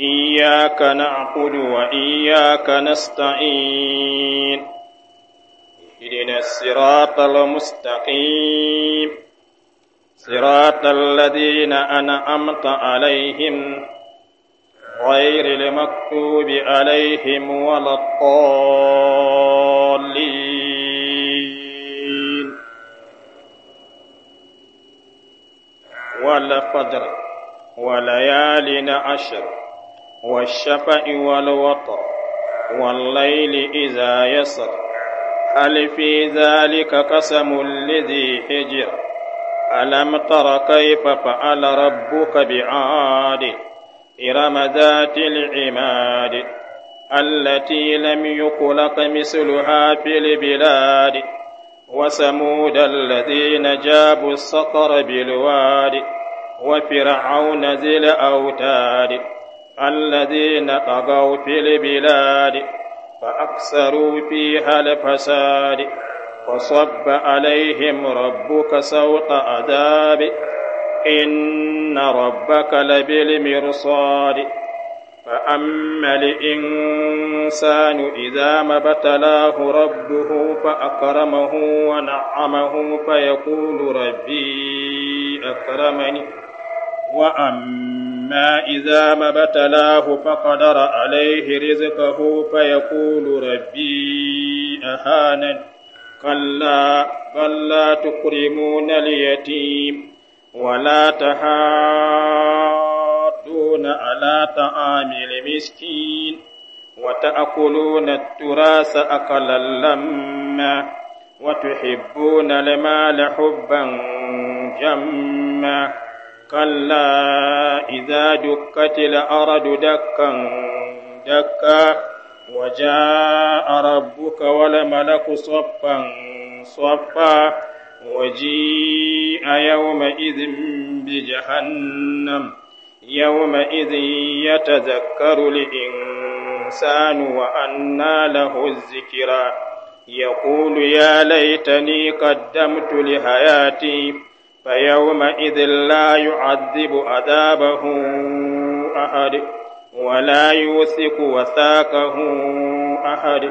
إياك نعبد وإياك نستعين اهدنا الصراط المستقيم صراط الذين أنعمت عليهم غير المكتوب عليهم ولا الضالين ولا فجر وليال عشر والشفع والوطر والليل إذا يسر هل في ذلك قسم لذي حجر ألم تر كيف فعل ربك بعاد إرم ذات العماد التي لم يخلق مثلها في البلاد وثمود الذين جابوا الصقر بالواد وفرعون ذي الأوتاد الذين طغوا في البلاد فأكثروا فيها الفساد فصب عليهم ربك سوط عذاب إن ربك لبالمرصاد فأما الإنسان إذا ما ابتلاه ربه فأكرمه ونعمه فيقول ربي أكرمني وأما إذا ما ابتلاه فقدر عليه رزقه فيقول ربي أهانن كلا بل لا تكرمون اليتيم ولا تحاضون على طعام المسكين وتأكلون التراث أكلا لما وتحبون المال حبا جما كلا إذا دكت الأرض دكا دكا وجاء ربك والملك صفا صفا وجيء يومئذ بجهنم يومئذ يتذكر الإنسان وأنى له الذكرى يقول يا ليتني قدمت لحياتي فيومئذ لا يعذب عذابه أحد ولا يوثق وثاقه أحد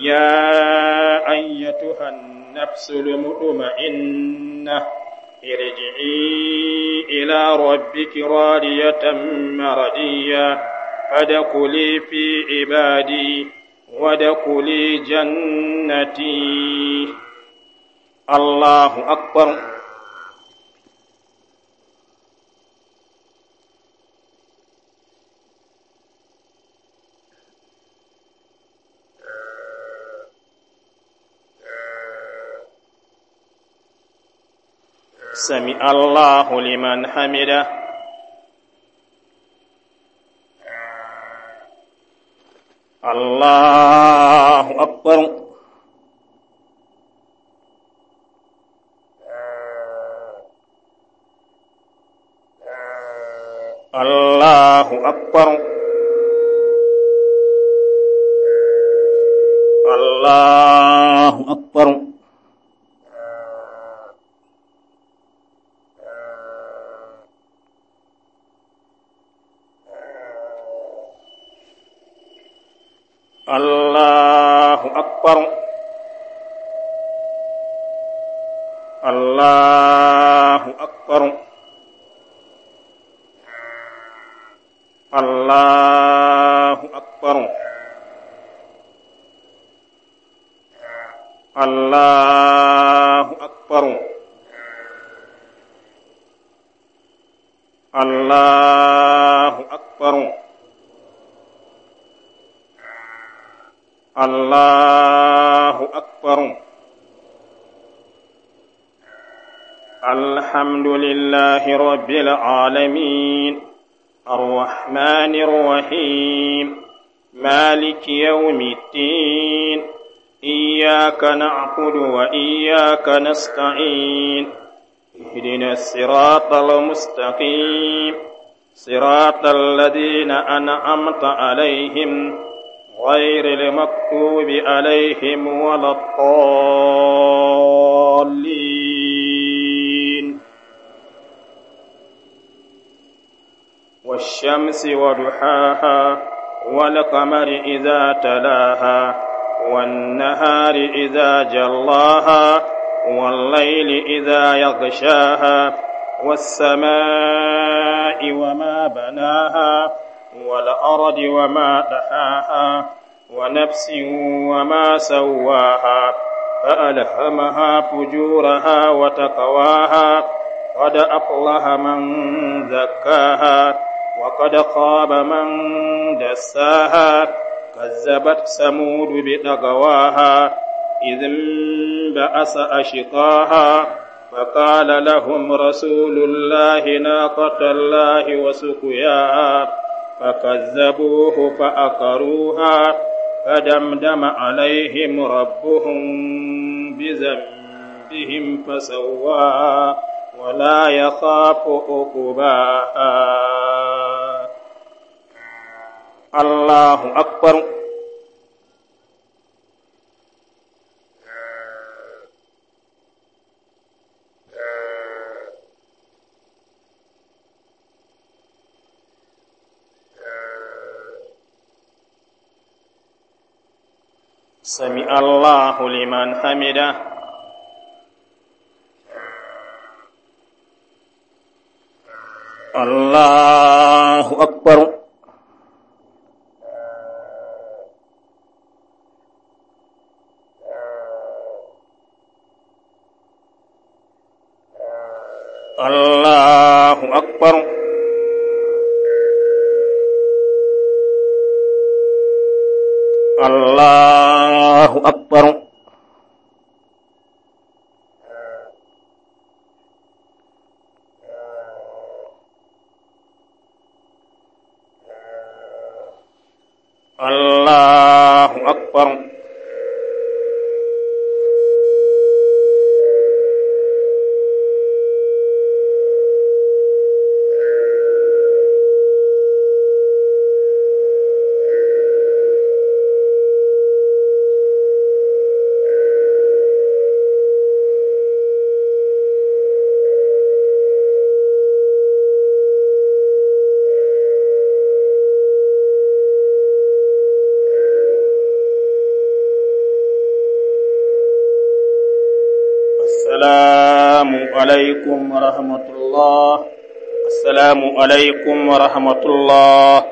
يا أيتها النفس المطمئنة ارجعي إلى ربك راضية مرضية فادخلي في عبادي وادخلي جنتي الله أكبر سمع الله لمن حمده الله أكبر الله أكبر الله أكبر الله اكبر الله أكبر الله أكبر الحمد لله رب العالمين الرحمن الرحيم مالك يوم الدين إياك نعبد وإياك نستعين اهدنا الصراط المستقيم صراط الذين أنعمت عليهم غير المكتوب عليهم ولا الضالين والشمس وضحاها والقمر إذا تلاها والنهار إذا جلاها والليل إذا يغشاها والسماء وما بناها والأرض وما دحاها ونفس وما سواها فألهمها فجورها وتقواها قد أفلح من زكاها وقد خاب من دساها كذبت ثمود بتقواها إذ بعث أشقاها فقال لهم رسول الله ناقة الله وسقياها فكذبوه فأقروها فدمدم عليهم ربهم بذنبهم فسواها ولا يخاف عقباها الله أكبر سمع الله لمن حمده الله أكبر الله أكبر الله أكبر السلام عليكم ورحمة الله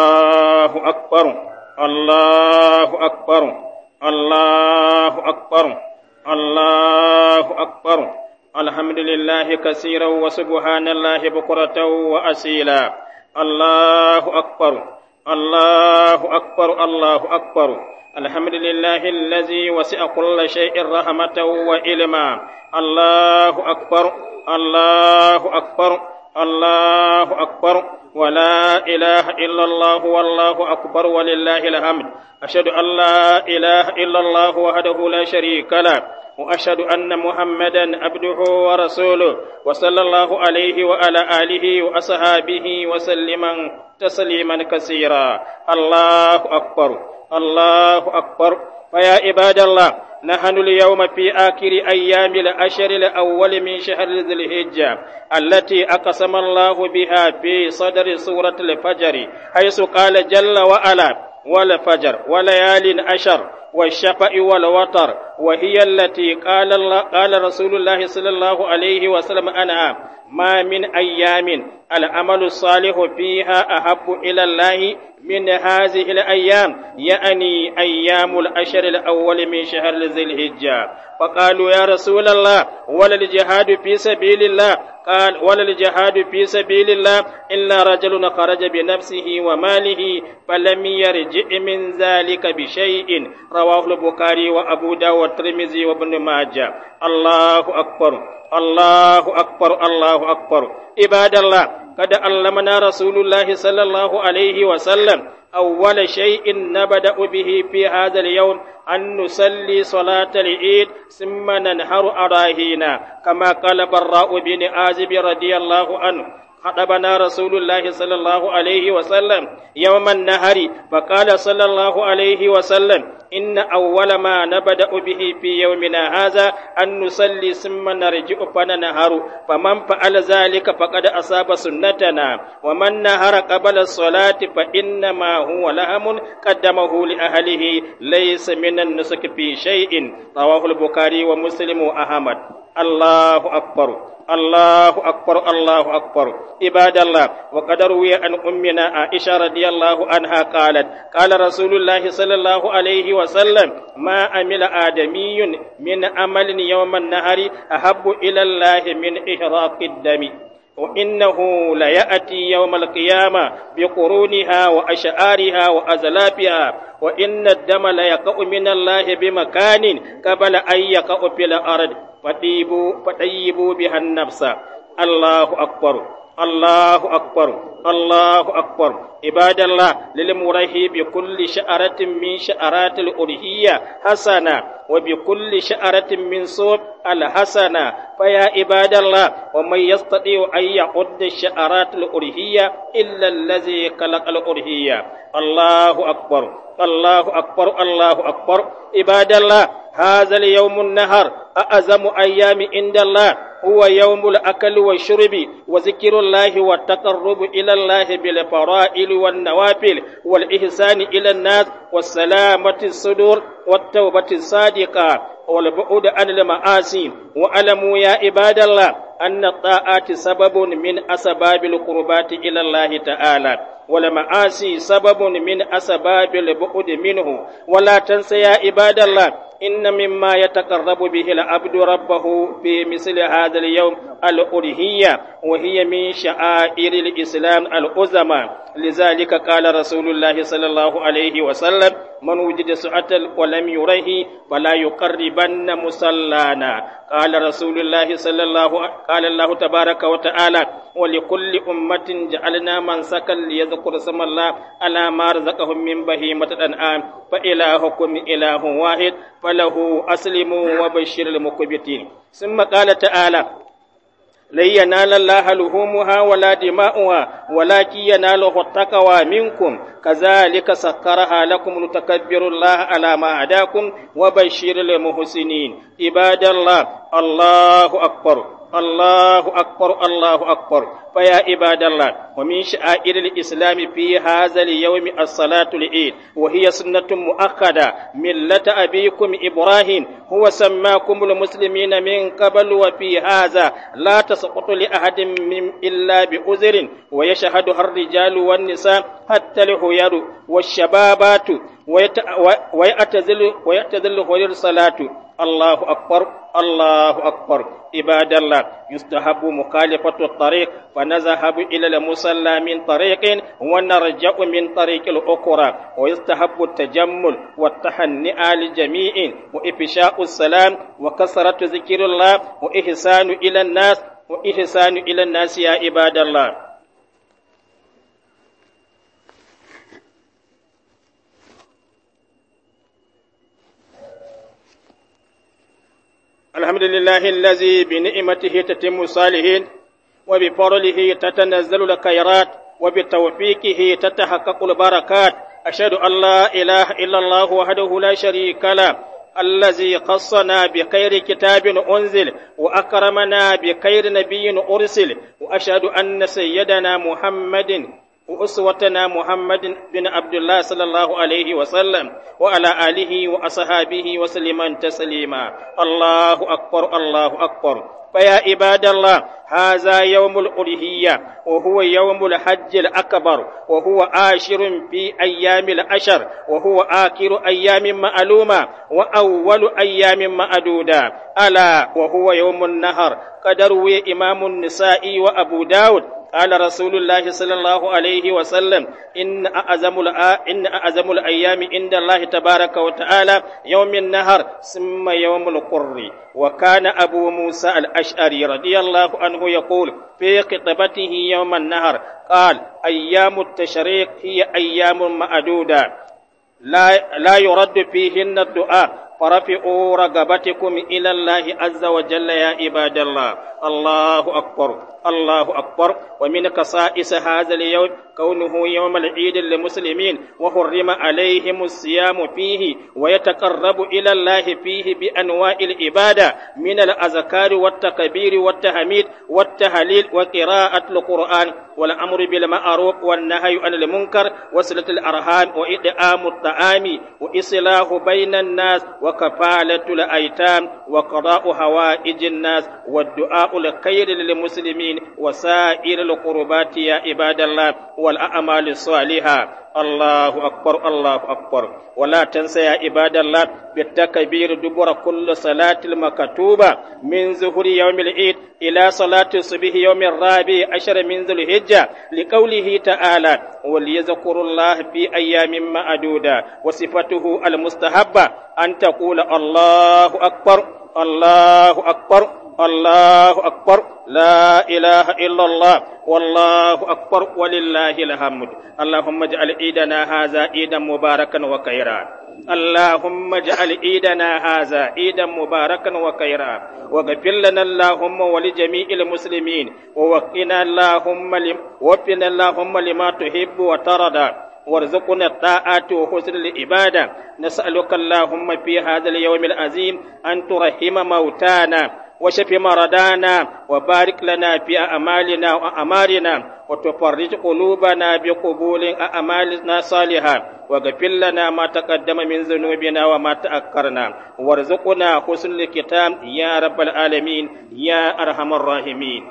Allahu akbar Allahu akbar Allahu akbar Allahu akbar Alhamdulillahi kasiran wa subhanallahi bukuratan wa asila Allahu akbar Allahu akbar Allahu akbar الحمد لله الذي وسع كل شيء رحمة وإلما الله أكبر الله أكبر الله أكبر ولا إله إلا الله والله أكبر ولله الحمد أشهد أن لا إله إلا الله وحده لا شريك له وأشهد أن محمدا عبده ورسوله وصلى الله عليه وعلى آله وأصحابه وسلم تسليما كثيرا الله أكبر الله أكبر فيا عباد الله نحن اليوم في آخر أيام العشر الأول من شهر ذي الحجة التي أقسم الله بها في صدر سورة الفجر حيث قال جل وعلا والفجر وليال عشر والشفع والوتر وهي التي قال الله قال رسول الله صلى الله عليه وسلم أنا ما من أيام العمل الصالح فيها أحب إلى الله من هذه الأيام يعني أيام الأشهر الأول من شهر ذي الهجة فقالوا يا رسول الله ولا الجهاد في سبيل الله قال ولا الجهاد في سبيل الله إلا رجل خرج بنفسه وماله فلم يرجع من ذلك بشيء رواه البخاري وأبو داود والترمذي وابن ماجه الله أكبر الله أكبر الله أكبر عباد الله قد علمنا رسول الله صلى الله عليه وسلم أول شيء نبدأ به في هذا اليوم أن نصلي صلاة العيد ثم ننهر أراهينا كما قال براء بن عازب رضي الله عنه خطبنا رسول الله صلى الله عليه وسلم يوم النهر فقال صلى الله عليه وسلم إن أول ما نبدأ به في يومنا هذا أن نصلي ثم نرجع فننهر فمن فعل ذلك فقد أصاب سنتنا ومن نهر قبل الصلاة فإنما هو لهم قدمه لأهله ليس من النسك في شيء رواه البخاري ومسلم وأحمد الله أكبر الله أكبر الله أكبر عباد الله وقد روي عن أمنا عائشة رضي الله عنها قالت قال رسول الله صلى الله عليه وسلم ما عمل آدمي من عمل يوم النهر أحب إلى الله من إحراق الدم وإنه ليأتي يوم القيامة بقرونها وأشعارها وأزلافها وإن الدم ليقع من الله بمكان قبل أن يقع في الأرض فطيبوا, فطيبوا بها النفس الله أكبر الله أكبر الله أكبر عباد الله للمريه بكل شعرة من شعرات الألهية حسنة وبكل شعرة من صوب الحسنة فيا عباد الله ومن يستطيع أن يعد الشعرات الألهية إلا الذي خلق الألهية الله أكبر الله أكبر الله أكبر عباد الله هذا اليوم النهر أعظم أيام عند الله هو يوم الأكل والشرب وذكر الله والتقرب إلى الله بالفرائل والنوافل والإحسان إلى الناس والسلامة الصدور والتوبة الصادقة والبعد عن المعاصي واعلموا يا عباد الله أن الطاعات سبب من أسباب القربات إلى الله تعالى والمعاصي سبب من أسباب البعد منه ولا تنسى يا عباد الله إن مما يتقرب به العبد ربه في مثل هذا اليوم الألهية وهي من شعائر الإسلام الأزمة لذلك قال رسول الله صلى الله عليه وسلم من وجد سعة ولم يره فلا يقربن مصلانا قال رسول الله صلى الله قال الله تبارك وتعالى ولكل أمة جعلنا منسكا ليذكر اسم الله على ما رزقهم من بهيمة الأنعام فإلهكم إله واحد فله أسلموا وبشر المقبتين ثم قال تعالى lai ya nala lahaluhumuha wala dima'uwa wala ki ya nala hotakawa minkum ka zalika sakara halakum nutakabbiru Allah ala ma'adakum wa bashirul muhsinin ibadallah allahu akbar الله أكبر الله أكبر فيا عباد الله ومن شعائر الإسلام في هذا اليوم الصلاة العيد وهي سنة مؤخدة ملة أبيكم إبراهيم هو سماكم المسلمين من قبل وفي هذا لا تسقط لأحد من إلا بعذر ويشهدها الرجال والنساء حتى الهيار والشبابات ويتأذل ويتأذل الصلاة Allahu akbar Allahu akbar mukhalifatu at-tariq fa nazahabu ila al-musalla min tariqin wa narja'u min tajammul wa jami'in wa ifsha'u salam wa kasratu dhikrillah ila nas wa ila nas ya الحمد لله الذي بنعمته تتم الصالحين وبفضله تتنزل الخيرات وبتوفيقه تتحقق البركات أشهد أن لا إله إلا الله وحده لا شريك له الذي خصنا بخير كتاب أنزل وأكرمنا بخير نبي أرسل وأشهد أن سيدنا محمد وأسوتنا محمد بن عبد الله صلى الله عليه وسلم وعلى آله وأصحابه وسلم تسليما الله أكبر الله أكبر فيا عباد الله هذا يوم الألهية وهو يوم الحج الأكبر وهو آشر في أيام الأشر وهو آخر أيام معلومة وأول أيام معدودة ألا وهو يوم النهر قد روي إمام النسائي وأبو داود قال رسول الله صلى الله عليه وسلم إن أعظم إن أعظم الأيام عند الله تبارك وتعالى يوم النهر ثم يوم القر وكان أبو موسى الأشعري رضي الله عنه يقول في خطبته يوم النهر قال أيام التشريق هي أيام معدودة لا لا يرد فيهن الدعاء فرفعوا رقبتكم إلى الله عز وجل يا عباد الله الله أكبر الله أكبر ومن قصائص هذا اليوم كونه يوم العيد للمسلمين وحرم عليهم الصيام فيه ويتقرب إلى الله فيه بأنواع العبادة من الأذكار والتكبير والتحميد والتهليل وقراءة القرآن والأمر بالمعروف والنهي عن المنكر وصلة الأرحام وإطعام الطعام وإصلاح بين الناس وكفالة الأيتام وقضاء هوائج الناس والدعاء الخير للمسلمين الدين وسائر القربات يا عباد الله والأعمال الصالحة الله أكبر الله أكبر ولا تنسى يا عباد الله بالتكبير دبر كل صلاة المكتوبة من ظهر يوم العيد إلى صلاة الصبح يوم الرابع عشر من ذو الحجة لقوله تعالى وليذكر الله في أيام معدودة وصفته المستحبة أن تقول الله أكبر الله أكبر الله أكبر لا إله إلا الله والله أكبر ولله الحمد اللهم اجعل عيدنا هذا عيدا مباركا وخيرا اللهم اجعل عيدنا هذا عيدا مباركا وخيرا واغفر لنا اللهم ولجميع المسلمين ووقنا اللهم لم وفنا اللهم لما تحب وترضى وارزقنا الطاعة وحسن العبادة نسألك اللهم في هذا اليوم العظيم أن ترحم موتانا وشف مرضانا وبارك لنا في أعمالنا وأمارنا وتفرج قلوبنا بقبول أعمالنا صالحة واغفر لنا ما تقدم من ذنوبنا وما تأخرنا وارزقنا حسن الكتاب يا رب العالمين يا أرحم الراحمين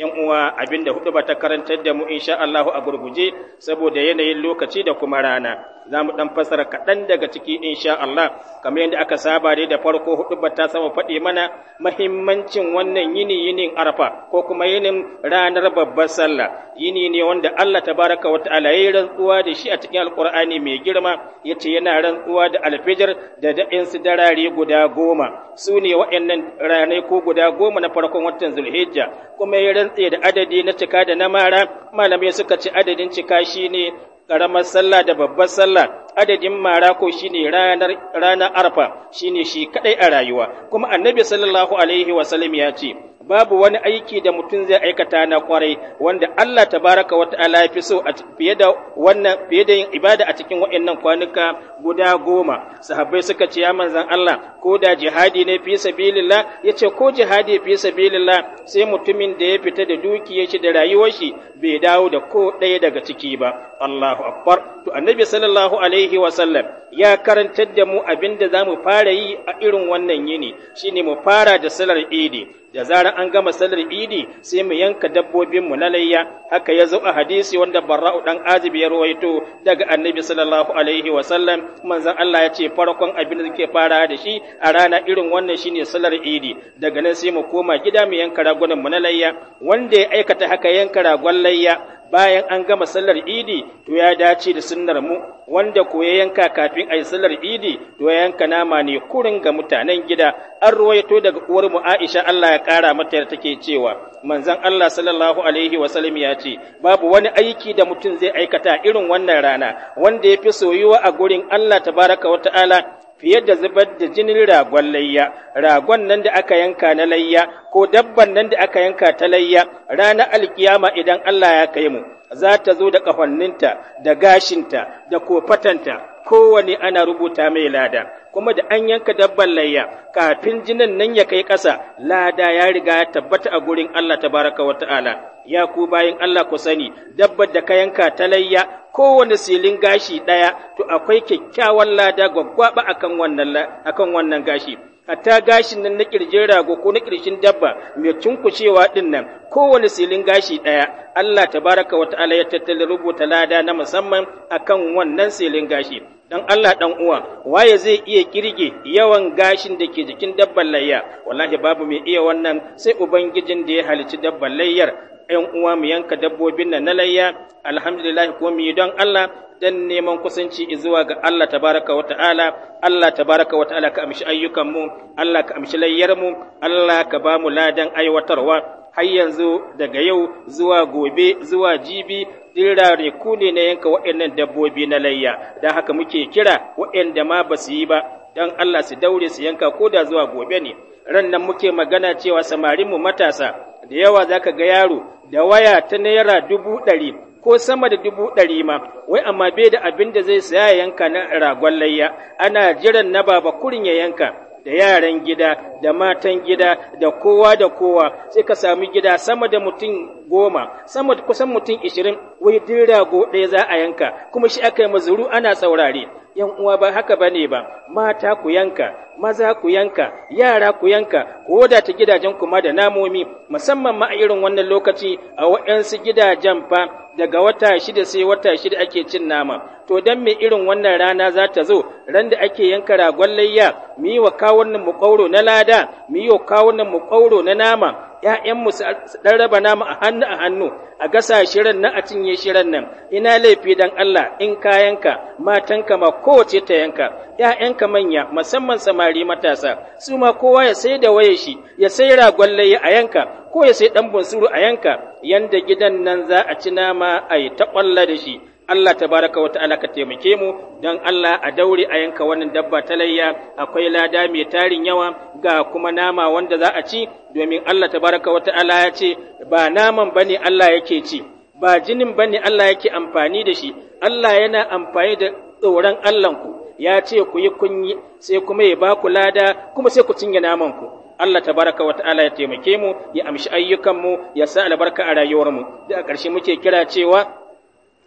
yan uwa abinda hudu ba ta karantar da mu insha Allahu a gurguje saboda yanayin lokaci da kuma rana za mu ɗan fasara kaɗan daga ciki insha Allah kamar yadda aka saba dai da farko hudu ta sama faɗi mana mahimmancin wannan yini yinin arfa ko kuma yinin ranar babbar sallah yini ne wanda Allah tabaraka wa ta'ala yayi rantsuwa da shi a cikin alqur'ani mai girma yace yana rantsuwa da alfijir da da'in sidarari darare guda goma su ne waɗannan ranai ko guda goma na farkon watan zulhijja kuma ya rantse da adadi na cika da na mara malamai suka ce adadin cika shine ƙaramar sallah da babbar sallah adadin marako shine ranar ranar arfa shine shi kaɗai a rayuwa kuma annabi sallallahu alaihi wasallam ya ce babu wani aiki da mutum zai aikata na kwarai wanda Allah tabaraka wa ta'ala ya fi so fiye da wannan fiye da yin ibada a cikin waɗannan kwanuka guda goma sahabbai suka ce ya manzan Allah ko da jihadi ne fi sabilillah yace ko jihadi fi sabilillah sai mutumin da ya fita da dukiyar shi da rayuwar shi bai dawo da ko ɗaya daga ciki ba Allahu akbar to annabi sallallahu alaihi wa sallam ya karantar da mu abin da za mu fara yi a irin wannan yini shine mu fara da salar idi da zarar an gama salar idi sai mu yanka dabbobinmu na layya haka ya zo a hadisi wanda barra'u dan azib ya rawaito daga annabi sallallahu alaihi wa sallam manzon Allah ya ce farkon abin da suke fara da shi a rana irin wannan shine salar idi daga nan sai mu koma gida mu yanka ragunan mu na layya wanda ya aikata haka yanka ragon layya bayan an gama sallar idi to ya dace da sunnar mu wanda ko ya yanka kafin a yi sallar idi to ya yanka nama ne kurin ga mutanen gida an ruwaito daga uwar mu Aisha Allah ya kara mata da take cewa manzon Allah sallallahu alaihi wa sallam ya ce babu wani aiki da mutum zai aikata irin wannan rana wanda ya fi soyuwa a gurin Allah tabaraka wa ta'ala fiye da zubar da jinin ragon layya ragon nan da aka yanka na layya ko dabban nan da aka yanka ta layya ranar alkiyama idan Allah ya kai mu za ta zo da ƙahoninta, da gashinta da kofatanta kowane ana rubuta mai lada kuma da an yanka dabban layya kafin jinin nan ya kai ƙasa lada ya riga ya tabbata a gurin Allah tabaraka wa ta'ala ya ku bayin Allah ku sani dabbar da ka yanka ta layya kowane silin gashi ɗaya to akwai kyakkyawan lada gwaggwaɓa akan wannan akan wannan gashi hatta gashin nan na kirjin rago ko na kirjin dabba mai cunkushewa din nan kowane silin gashi ɗaya Allah tabaraka wa ta'ala ya tattala rubuta lada na musamman akan wannan silin gashi dan Allah dan uwa waye zai iya kirge yawan gashin da ke jikin dabbar layya wallahi babu mai iya wannan sai ubangijin da ya halici dabbar layyar ƴan uwa mu yanka dabbobin nan na layya alhamdulillah ko mu yi don Allah dan neman kusanci zuwa ga Allah tabaraka wa ta'ala, Allah tabaraka wa ta'ala ka amshi ayyukanmu, Allah ka amshi mu Allah ka ba mu ladan aiwatarwa, har yanzu daga yau zuwa gobe zuwa jibi dirare ku ne na yanka waɗannan dabbobi na layya don haka muke kira waɗanda ma ba su yi ba don Allah su daure su yanka ko da zuwa gobe ne ran nan muke magana cewa samarin mu matasa da yawa za ka ga yaro da waya ta naira dubu ɗari ko sama da dubu ɗari ma, wai amma bai da abin da zai saya yanka na ragon layya, ana jiran na baba kurin ya yanka, da yaran gida da matan gida da kowa da kowa sai ka sami gida sama da mutum goma sama kusan mutum ishirin wai dira rago ɗaya za a yanka kuma shi aka yi mazuru ana saurare ‘yan uwa ba haka ba ne ba, mata ku yanka, maza ku yanka, yara ku yanka, ku wadata gidajen kuma da namomi, musamman ma a irin wannan lokaci a wa'yansu gidajen fa daga wata shida sai wata shida ake cin nama. To don me irin wannan rana za ta zo, ran da ake yanka ragon layya, mu yi wa kawunan mu ƙauro na lada, mu yi wa kawunan mu ƙauro na nama, ‘ya'yanmu su ɗan raba nama a hannu a hannu a gasa shirin na a cinye shirin nan, ina laifi dan Allah in kayanka, matanka ma kowace ta yanka, ‘ya'yanka manya musamman samari matasa, su ma kowa ya sai da waye shi, ya sai ragon a yanka, ko ya sai ɗan bunsuru a yanka, yanda gidan nan za a ci nama a ta kwalla da shi, Allah ta tabaraka wata'ala ka taimake mu don Allah a daure a yanka wannan dabba ta layya akwai lada mai tarin yawa ga kuma nama wanda za a ci domin Allah tabaraka wata'ala ya ce ba naman bane Allah yake ci ba jinin bane Allah yake amfani da shi Allah yana amfani da tsoron ku ya ce ku yi kunyi sai kuma ya ba ku lada kuma sai ku cinye naman ku Allah tabaraka wa ta'ala ya taimake mu ya amshi ayyukan mu ya sa albarka a rayuwar mu da a ƙarshe muke kira cewa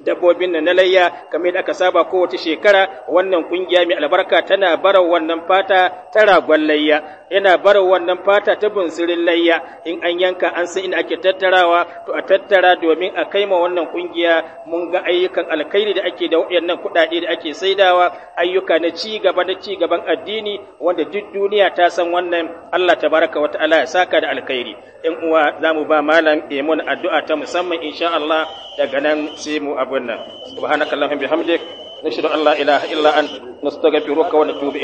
dabbobin nan na layya kamar yadda aka saba kowace shekara wannan kungiya mai albarka tana bara wannan fata ta ragon layya yana bara wannan fata ta bunsirin layya in an yanka an san inda ake tattarawa to a tattara domin a kaima wannan kungiya mun ga ayyukan alkhairi da ake da wayannan kuɗaɗe da ake saidawa ayyuka na ci gaba na ci gaban addini wanda duk duniya ta san wannan Allah tabaraka wa ta'ala ya saka da alkhairi in uwa zamu ba malam mun addu'a ta musamman insha Allah daga nan sai mu abun nan subhanakallahumma bihamdik nashhadu an la ilaha illa anta nastaghfiruka wa natubu